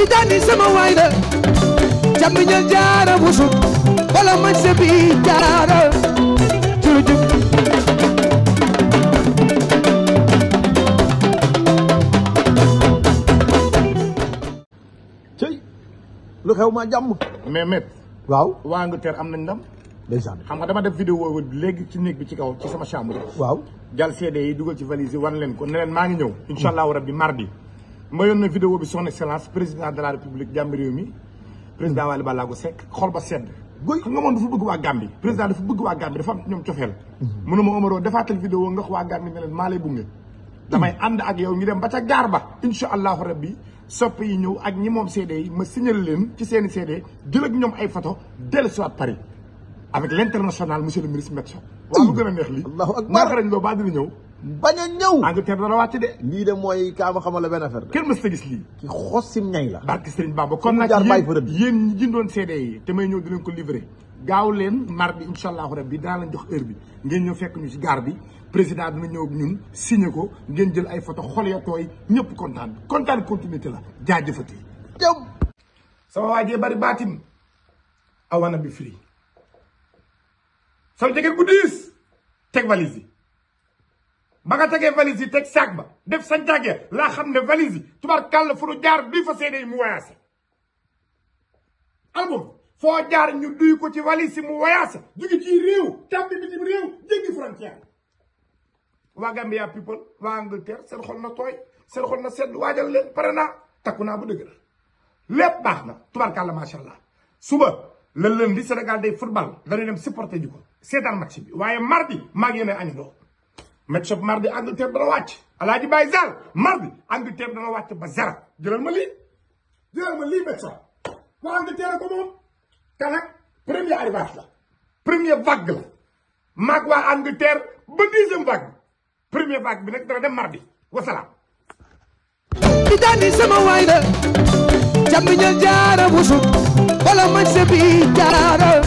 tijaani sama waay la camiñal jaara busu wala man sebi jaara jurujub cëy lu xew ma jàmm mais met waaw waa Angleterre am nañ ndam ndeysaan xam nga dama def vidéo léegi ci néeg bi ci kaw ci sama chambre waaw jal CD yi dugal ci valise yi wan leen ko ne leen maa ngi ñëw insha allahu rabbi mardi mayoon na vidéo bi son excellence président de la république jàmm réew mi président Waly Ballago Seck xol ba sedd goy xam nga moom dafa bëgg waa Gambie président dafa bëgg waa Gambie dafa am ñoom cofeel mënuma mhm. Omaro defaatal vidéo nga wax waa Gambie ne leen maa lay bunge damay mhm. ànd ak yow ñu dem ba ca gaar ba incha allahu rabbi sopp yi ñëw ak ñi moom CD yi ma signal leen ci seeni CD jël ak ñoom ay foto dellu soit Paris avec l' international monsieur le ministre Metso waaw lu gën a neex li maa xarañ loo baa ñëw bañ a ñëw. Angleterre dana wàcc de. lii de mooy kaa ma xamal la benn affaire la. kenn mës ta gis lii. ki xosim ñay la. barke Serigne Bamba kon nag yéen yéen ñi jëndoon CD yi te may ñëw dinañ ko livré. gaaw leen mardi incha allahu rabbi daal leen jox heure bi ngeen ñëw fekk ñu si gaar bi président na ñëw ñun signé ko ngeen jël ay photo xol ya tooy ñëpp kontaan kontaan continuité la jaajëfati. jëm. sama waa jee bari baatim awana bi firi sama jege bu diis teg valise yi ba nga tegee valise yi teg sac ba def sa njàggee laa xam ne valise yi tubarkàll fu jaar duy fa seede mu wayaase album foo jaar ñu duy ko ci valise yi mu wayaase jóge ci réew tàmbi bitim réew jéggi frontière waa Gambia people waa Angleterre seen xol na tooy seen xol na sedd waajal leen pare naa takku naa ba dëgg la lépp baax na tubarkàlla macha allah suba la lundi Sénégal day football dañuy dem supporter ji ko seetaan match bi waaye mardi maa ngi yéen a añu match up mardi Angleterre dana wàcc Alaaji Baye Zall mardi Angleterre dana wàcc ba zéro jëlal ma lii jëlal ma lii match up waa Angleterre ko moom te nag premier arrivage la premier vague la maag bi nag dana dem mardi wasalaam jaara busu wala man se jaara